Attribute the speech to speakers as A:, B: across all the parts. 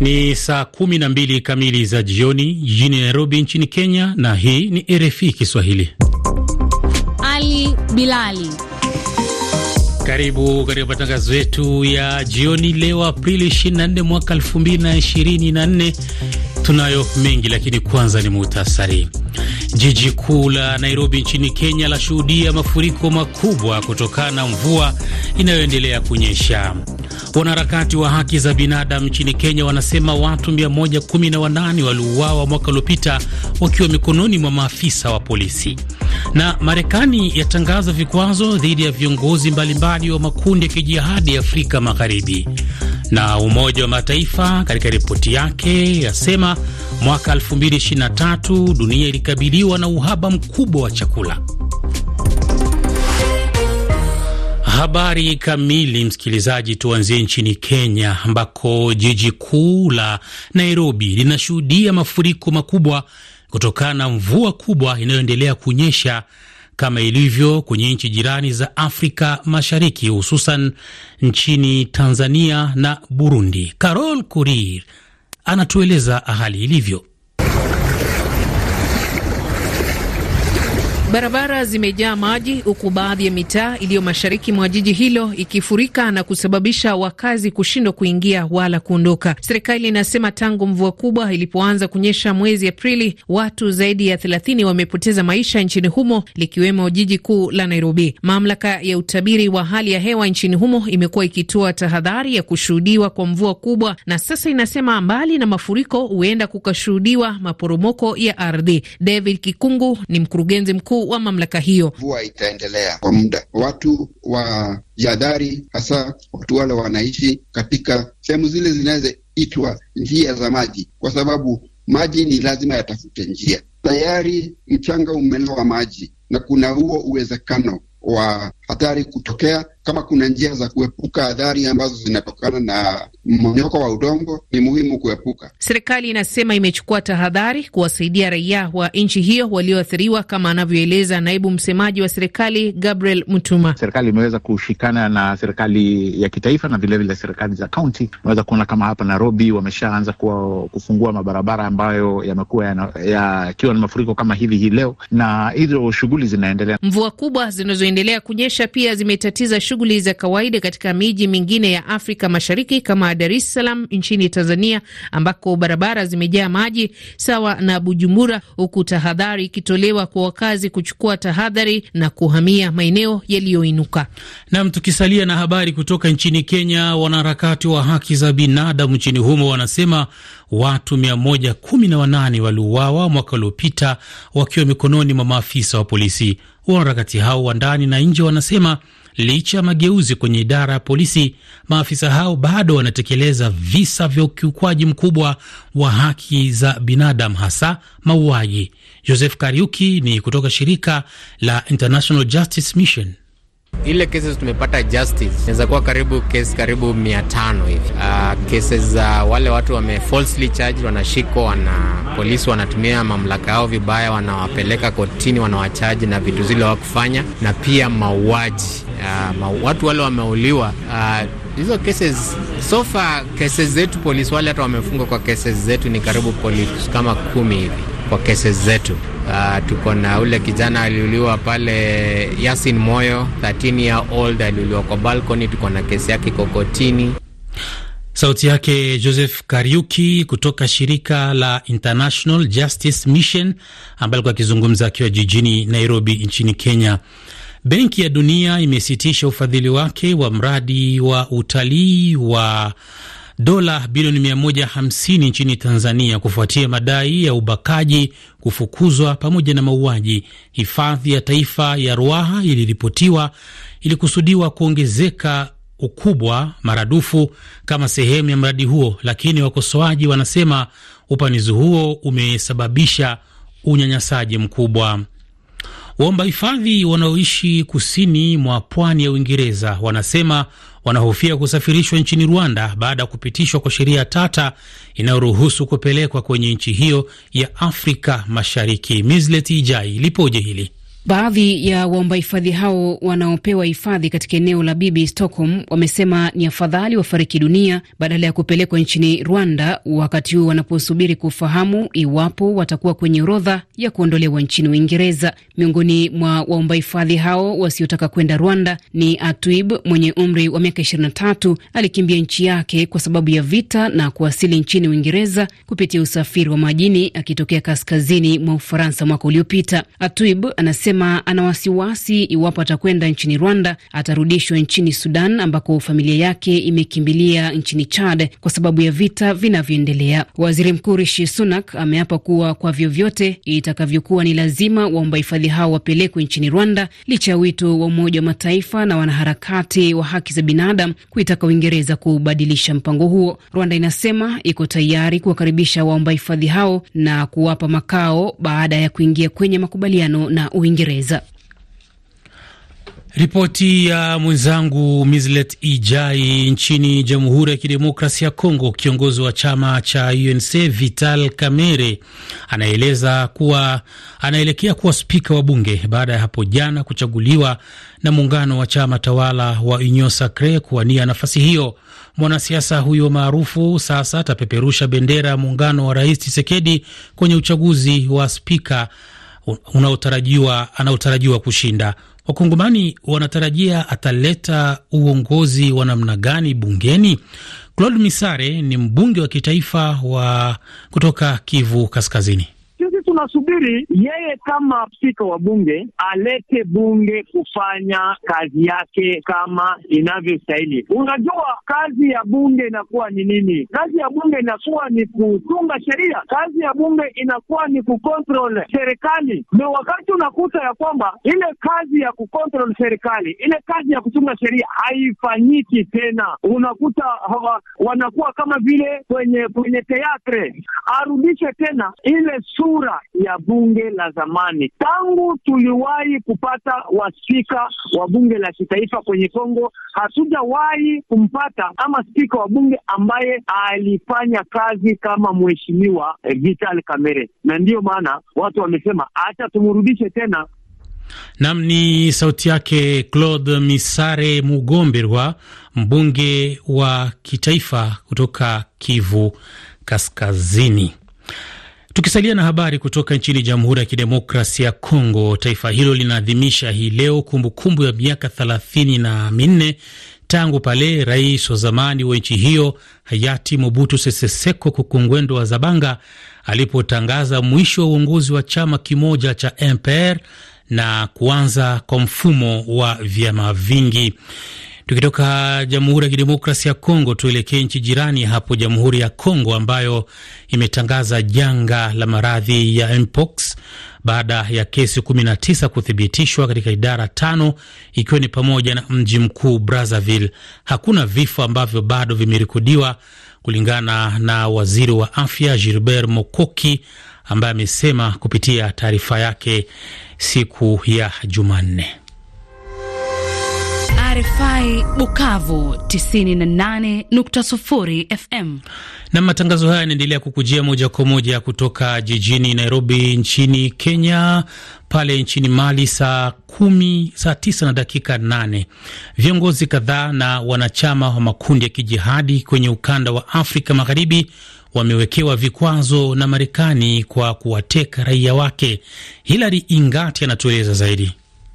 A: Ni saa kumi na mbili kamili za jioni jijini Nairobi nchini Kenya, na hii ni RFI Kiswahili.
B: Ali Bilali,
A: karibu katika matangazo yetu ya jioni leo Aprili 24 mwaka 2024. Tunayo mengi lakini kwanza ni muhtasari. Jiji kuu la Nairobi nchini Kenya lashuhudia mafuriko makubwa kutokana na mvua inayoendelea kunyesha. Wanaharakati wa haki za binadamu nchini Kenya wanasema watu 118 waliuawa mwaka uliopita wakiwa mikononi mwa maafisa wa polisi. Na Marekani yatangaza vikwazo dhidi ya viongozi mbalimbali wa makundi ya kijihadi Afrika Magharibi. Na Umoja wa Mataifa katika ripoti yake yasema mwaka 2023 dunia ilikabiliwa na uhaba mkubwa wa chakula. Habari kamili, msikilizaji, tuanzie nchini Kenya ambako jiji kuu la Nairobi linashuhudia mafuriko makubwa kutokana na mvua kubwa inayoendelea kunyesha kama ilivyo kwenye nchi jirani za Afrika Mashariki, hususan nchini Tanzania na Burundi. Carol Korir anatueleza hali ilivyo.
C: Barabara zimejaa maji huku baadhi ya mitaa iliyo mashariki mwa jiji hilo ikifurika na kusababisha wakazi kushindwa kuingia wala kuondoka. Serikali inasema tangu mvua kubwa ilipoanza kunyesha mwezi Aprili, watu zaidi ya thelathini wamepoteza maisha nchini humo, likiwemo jiji kuu la Nairobi. Mamlaka ya utabiri wa hali ya hewa nchini humo imekuwa ikitoa tahadhari ya kushuhudiwa kwa mvua kubwa, na sasa inasema mbali na mafuriko huenda kukashuhudiwa maporomoko ya ardhi. David Kikungu ni mkurugenzi mkuu mkuu wa mamlaka hiyo.
B: Mvua itaendelea kwa muda, watu wa jadhari, hasa watu wale wanaishi katika sehemu zile zinazoitwa njia za maji, kwa sababu maji ni lazima yatafute njia. Tayari mchanga umelowa maji na kuna huo uwezekano wa athari kutokea. Kama kuna njia za kuepuka adhari ambazo zinatokana na mmonyoko wa udongo, ni muhimu kuepuka.
C: Serikali inasema imechukua tahadhari kuwasaidia raia wa nchi hiyo walioathiriwa, kama anavyoeleza naibu msemaji wa serikali Gabriel Mutuma. Serikali imeweza kushikana na serikali ya kitaifa na vilevile serikali za kaunti. Unaweza kuona kama hapa Nairobi wameshaanza kufungua mabarabara ambayo
D: yamekuwa yakiwa ya, na mafuriko kama hivi hii leo, na hizo shughuli zinaendelea.
A: Mvua
C: kubwa zinazoendelea kunyesha presha pia zimetatiza shughuli za kawaida katika miji mingine ya Afrika Mashariki kama Dar es Salaam nchini Tanzania, ambako barabara zimejaa maji sawa na Bujumbura, huku tahadhari ikitolewa kwa wakazi kuchukua tahadhari na kuhamia maeneo yaliyoinuka.
A: Nam, tukisalia na habari kutoka nchini Kenya, wanaharakati wa haki za binadamu nchini humo wanasema watu 118 waliuawa mwaka uliopita wakiwa mikononi mwa maafisa wa polisi. Wanaharakati hao wa ndani na nje wanasema licha ya mageuzi kwenye idara ya polisi, maafisa hao bado wanatekeleza visa vya ukiukwaji mkubwa wa haki za binadamu, hasa mauaji. Joseph Kariuki ni kutoka shirika la International Justice Mission.
D: Ile cases tumepata justice inaweza kuwa karibu kesi karibu mia tano hivi. Uh, za uh, wale watu wame falsely charged wanashikwa, wana polisi wanatumia mamlaka yao vibaya, wanawapeleka kotini, wanawachaji na vitu zile wakufanya na pia mauaji uh, ah, ma, watu wale wameuliwa uh, hizo cases so far, cases zetu polisi wale hata wamefungwa kwa cases zetu ni karibu polisi kama kumi hivi kwa cases zetu. Uh, tuko na ule kijana aliuliwa pale Yasin Moyo, 13 year old aliuliwa kwa balcony. Tuko na kesi yake kokotini.
A: Sauti yake Joseph Kariuki kutoka shirika la International Justice Mission ambaye alikuwa akizungumza akiwa jijini Nairobi nchini Kenya. Benki ya Dunia imesitisha ufadhili wake wa mradi wa utalii wa dola bilioni 150 nchini Tanzania kufuatia madai ya ubakaji, kufukuzwa pamoja na mauaji. Hifadhi ya Taifa ya Ruaha iliripotiwa ilikusudiwa kuongezeka ukubwa maradufu kama sehemu ya mradi huo, lakini wakosoaji wanasema upanuzi huo umesababisha unyanyasaji mkubwa. Waomba hifadhi wanaoishi kusini mwa pwani ya Uingereza wanasema wanahofia kusafirishwa nchini Rwanda baada ya kupitishwa kwa sheria tata inayoruhusu kupelekwa kwenye nchi hiyo ya Afrika Mashariki. Mislet Ijai lipoje hili
B: Baadhi ya waomba hifadhi hao wanaopewa hifadhi katika eneo la Bibi Stockholm wamesema ni afadhali wafariki dunia badala ya kupelekwa nchini Rwanda, wakati huu wanaposubiri kufahamu iwapo watakuwa kwenye orodha ya kuondolewa nchini Uingereza. Miongoni mwa waomba hifadhi hao wasiotaka kwenda Rwanda ni Atwib mwenye umri wa miaka 23, alikimbia nchi yake kwa sababu ya vita na kuwasili nchini Uingereza kupitia usafiri wa majini akitokea kaskazini mwa Ufaransa mwaka uliopita. Atwib anasema amesema ana wasiwasi iwapo atakwenda nchini Rwanda atarudishwa nchini Sudan ambako familia yake imekimbilia nchini Chad kwa sababu ya vita vinavyoendelea. Waziri Mkuu Rishi Sunak ameapa kuwa kwa vyovyote itakavyokuwa ni lazima waomba hifadhi hao wapelekwe nchini Rwanda licha ya wito wa Umoja wa Mataifa na wanaharakati wa haki za binadamu kuitaka Uingereza kubadilisha mpango huo. Rwanda inasema iko tayari kuwakaribisha waomba hifadhi hao na kuwapa makao baada ya kuingia kwenye makubaliano na Uingereza. Uingereza.
A: Ripoti ya mwenzangu Mislet Ijai. Nchini Jamhuri ya Kidemokrasia ya Kongo, kiongozi wa chama cha UNC Vital Kamerhe anaeleza kuwa anaelekea kuwa spika wa bunge baada ya hapo jana kuchaguliwa na muungano wa chama tawala wa Union Sacre kuwania nafasi hiyo. Mwanasiasa huyo maarufu sasa atapeperusha bendera ya muungano wa Rais Tshisekedi kwenye uchaguzi wa spika unaotarajiwa anaotarajiwa kushinda. Wakongomani wanatarajia ataleta uongozi wa namna gani bungeni? Claude Misare ni mbunge wa kitaifa wa kutoka Kivu Kaskazini tunasubiri yeye kama spika wa bunge alete bunge kufanya kazi yake kama inavyostahili. Unajua kazi ya bunge inakuwa ni nini? Kazi ya bunge inakuwa ni kutunga sheria, kazi ya bunge inakuwa ni kucontrol serikali. Ni wakati unakuta ya kwamba ile kazi ya kucontrol serikali, ile kazi ya kutunga sheria haifanyiki tena, unakuta hawa, wanakuwa kama vile kwenye kwenye teatre. Arudishe tena ile sura ya bunge la zamani. Tangu tuliwahi kupata waspika wa bunge la kitaifa kwenye Kongo, hatujawahi kumpata ama spika
D: wa bunge ambaye alifanya kazi kama mheshimiwa eh, Vital Kamerhe, na ndiyo maana watu wamesema acha tumrudishe tena.
A: Nam ni sauti yake Claude Misare Mugomberwa, mbunge wa kitaifa kutoka Kivu Kaskazini. Tukisalia na habari kutoka nchini Jamhuri ya Kidemokrasia ya Kongo, taifa hilo linaadhimisha hii leo kumbukumbu ya miaka thelathini na minne tangu pale rais wa zamani wa nchi hiyo hayati Mobutu Sese Seko Kukungwendo wa Zabanga alipotangaza mwisho wa uongozi wa chama kimoja cha MPR na kuanza kwa mfumo wa vyama vingi. Tukitoka Jamhuri ya Kidemokrasi ya Kongo, tuelekee nchi jirani hapo, Jamhuri ya Kongo ambayo imetangaza janga la maradhi ya mpox baada ya kesi 19 kuthibitishwa katika idara tano ikiwa ni pamoja na mji mkuu Brazzaville. Hakuna vifo ambavyo bado vimerekodiwa kulingana na waziri wa afya Gilbert Mokoki ambaye amesema kupitia taarifa yake siku ya Jumanne.
B: RFI Bukavu 98.0 FM.
A: Na matangazo haya yanaendelea kukujia moja kwa moja kutoka jijini Nairobi nchini Kenya. Pale nchini Mali saa
B: kumi,
A: saa tisa na dakika nane. Viongozi kadhaa na wanachama wa makundi ya kijihadi kwenye ukanda wa Afrika Magharibi wamewekewa vikwazo na Marekani kwa
D: kuwateka raia wake. Hilary Ingati anatueleza zaidi.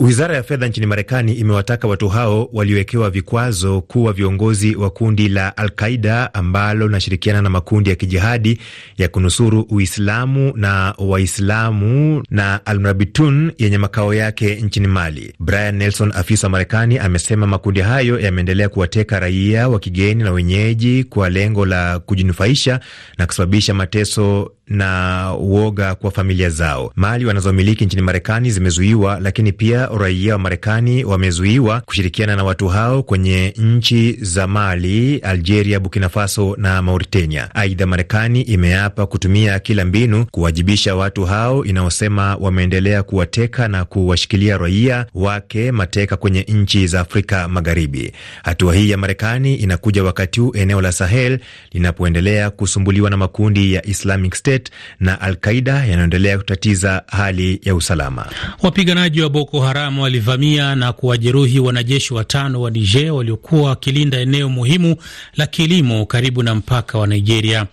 D: Wizara ya fedha nchini Marekani imewataka watu hao waliowekewa vikwazo kuwa viongozi wa kundi la Alqaida ambalo linashirikiana na makundi ya kijihadi ya kunusuru Uislamu na Waislamu na Almrabitun yenye makao yake nchini Mali. Brian Nelson, afisa wa Marekani, amesema makundi hayo yameendelea kuwateka raia wa kigeni na wenyeji kwa lengo la kujinufaisha na kusababisha mateso na uoga kwa familia zao. Mali wanazomiliki nchini Marekani zimezuiwa, lakini pia raia wa Marekani wamezuiwa kushirikiana na watu hao kwenye nchi za Mali, Algeria, Burkina Faso na Mauritania. Aidha, Marekani imeapa kutumia kila mbinu kuwajibisha watu hao inaosema wameendelea kuwateka na kuwashikilia raia wake mateka kwenye nchi za Afrika Magharibi. Hatua hii ya Marekani inakuja wakati huu eneo la Sahel linapoendelea kusumbuliwa na makundi ya Islamic State Tibet na Al-Qaida yanayoendelea kutatiza hali ya usalama.
A: Wapiganaji wa Boko Haram walivamia na kuwajeruhi wanajeshi watano wa Niger waliokuwa wakilinda eneo muhimu la kilimo karibu na mpaka wa Nigeria.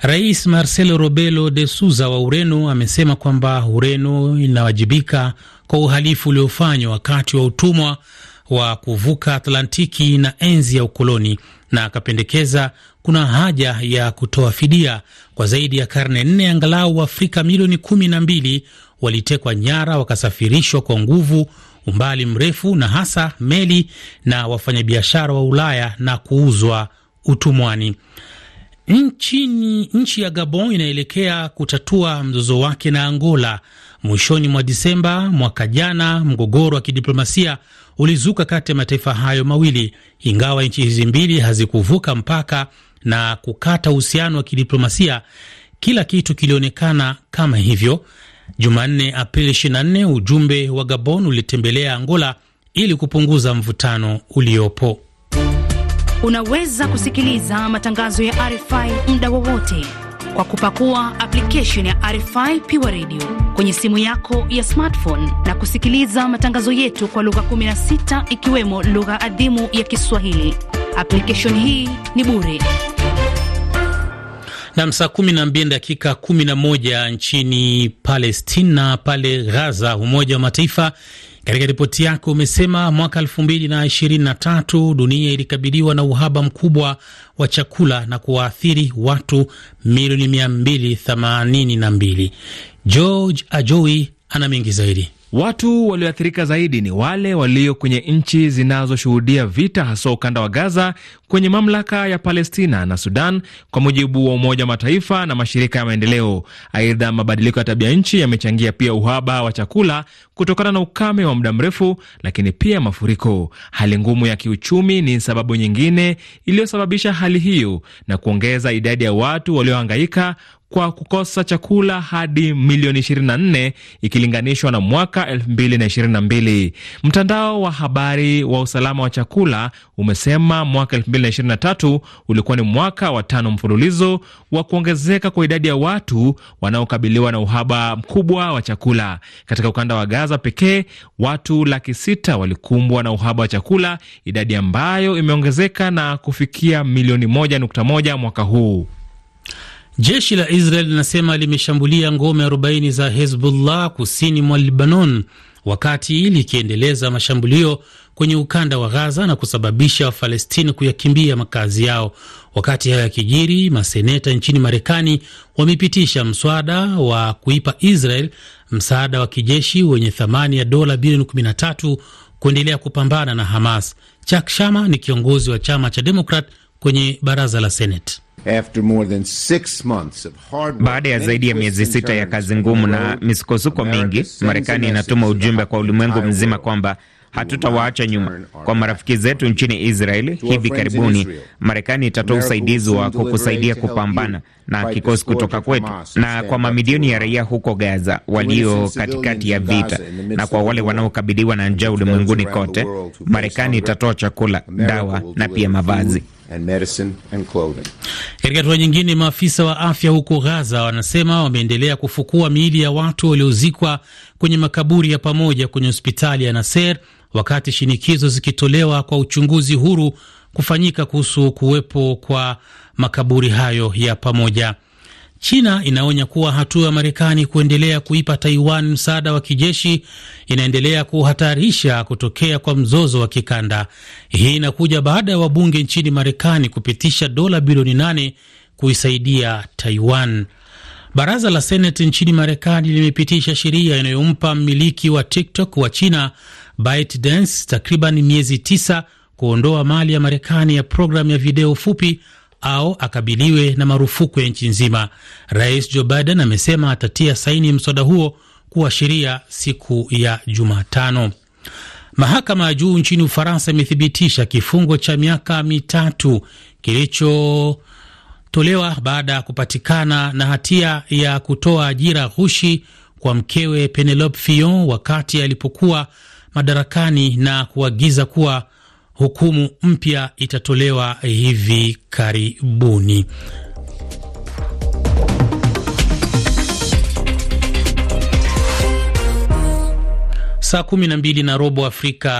A: Rais Marcelo robelo de Souza wa Ureno amesema kwamba Ureno inawajibika kwa uhalifu uliofanywa wakati wa utumwa wa kuvuka Atlantiki na enzi ya ukoloni, na akapendekeza kuna haja ya kutoa fidia kwa zaidi ya karne nne, angalau Waafrika milioni kumi na mbili walitekwa nyara, wakasafirishwa kwa nguvu umbali mrefu na hasa meli na wafanyabiashara wa Ulaya na kuuzwa utumwani. Nchini, nchi ya Gabon inaelekea kutatua mzozo wake na Angola mwishoni mwa Disemba mwaka jana. Mgogoro wa kidiplomasia ulizuka kati ya mataifa hayo mawili, ingawa nchi hizi mbili hazikuvuka mpaka na kukata uhusiano wa kidiplomasia. Kila kitu kilionekana kama hivyo. Jumanne, Aprili 24, ujumbe wa Gabon ulitembelea Angola ili kupunguza mvutano uliopo.
B: Unaweza kusikiliza matangazo ya RFI muda wowote kwa kupakua application ya RFI Pure Radio kwenye simu yako ya smartphone na kusikiliza matangazo yetu kwa lugha 16 ikiwemo lugha adhimu ya Kiswahili. Application hii ni bure.
A: Nam, saa kumi na mbili dakika kumi na moja nchini Palestina, pale Gaza. Umoja wa Mataifa katika ripoti yake umesema mwaka elfu mbili na ishirini na tatu dunia ilikabiliwa na uhaba mkubwa wa chakula na kuwaathiri watu milioni mia mbili themanini na mbili.
D: George Ajoi ana mengi zaidi. Watu walioathirika zaidi ni wale walio kwenye nchi zinazoshuhudia vita, hasa ukanda wa Gaza, kwenye mamlaka ya Palestina na Sudan, kwa mujibu wa Umoja wa Mataifa na mashirika ya maendeleo. Aidha, mabadiliko ya tabia nchi yamechangia pia uhaba wa chakula kutokana na ukame wa muda mrefu, lakini pia mafuriko. Hali ngumu ya kiuchumi ni sababu nyingine iliyosababisha hali hiyo na kuongeza idadi ya watu waliohangaika kwa kukosa chakula hadi milioni 24 ikilinganishwa na mwaka 2022. Mtandao wa habari wa usalama wa chakula umesema mwaka 2023 ulikuwa ni mwaka wa tano mfululizo wa kuongezeka kwa idadi ya watu wanaokabiliwa na uhaba mkubwa wa chakula. Katika ukanda wa Gaza pekee, watu laki sita walikumbwa na uhaba wa chakula, idadi ambayo imeongezeka na kufikia milioni 1.1 mwaka huu. Jeshi la Israel linasema limeshambulia ngome
A: 40 za Hezbollah kusini mwa Libanon, wakati likiendeleza mashambulio kwenye ukanda wa Gaza na kusababisha Wafalestini kuyakimbia makazi yao. Wakati hayo yakijiri, maseneta nchini Marekani wamepitisha mswada wa kuipa Israel msaada wa kijeshi wenye thamani ya dola bilioni 13 kuendelea kupambana na Hamas. Chuck Schumer ni kiongozi wa chama cha Demokrat kwenye
D: baraza la Senate. Baada ya zaidi ya miezi sita ya kazi ngumu na misukosuko mingi, Marekani inatuma ujumbe kwa ulimwengu mzima kwamba hatutawaacha nyuma. Kwa marafiki zetu nchini Israeli, hivi karibuni Marekani itatoa usaidizi wa kukusaidia kupambana na kikosi kutoka kwetu, na kwa mamilioni ya raia huko Gaza walio katikati ya vita, na kwa wale wanaokabiliwa na njaa ulimwenguni kote, Marekani itatoa chakula, dawa na pia mavazi.
A: Katika hatua nyingine, maafisa wa afya huko Gaza wanasema wameendelea kufukua miili ya watu waliozikwa kwenye makaburi ya pamoja kwenye hospitali ya Nasser, wakati shinikizo zikitolewa kwa uchunguzi huru kufanyika kuhusu kuwepo kwa makaburi hayo ya pamoja. China inaonya kuwa hatua ya Marekani kuendelea kuipa Taiwan msaada wa kijeshi inaendelea kuhatarisha kutokea kwa mzozo wa kikanda. Hii inakuja baada ya wabunge nchini Marekani kupitisha dola bilioni nane kuisaidia Taiwan. Baraza la Seneti nchini Marekani limepitisha sheria inayompa mmiliki wa TikTok wa China ByteDance takriban miezi tisa kuondoa mali ya Marekani ya programu ya video fupi au akabiliwe na marufuku ya nchi nzima. Rais Joe Biden amesema atatia saini mswada huo kuwa sheria siku ya Jumatano. Mahakama ya juu nchini Ufaransa imethibitisha kifungo cha miaka mitatu kilichotolewa baada ya kupatikana na hatia ya kutoa ajira ghushi kwa mkewe Penelope Fillon wakati alipokuwa madarakani na kuagiza kuwa hukumu mpya itatolewa hivi karibuni. Saa kumi na mbili na robo Afrika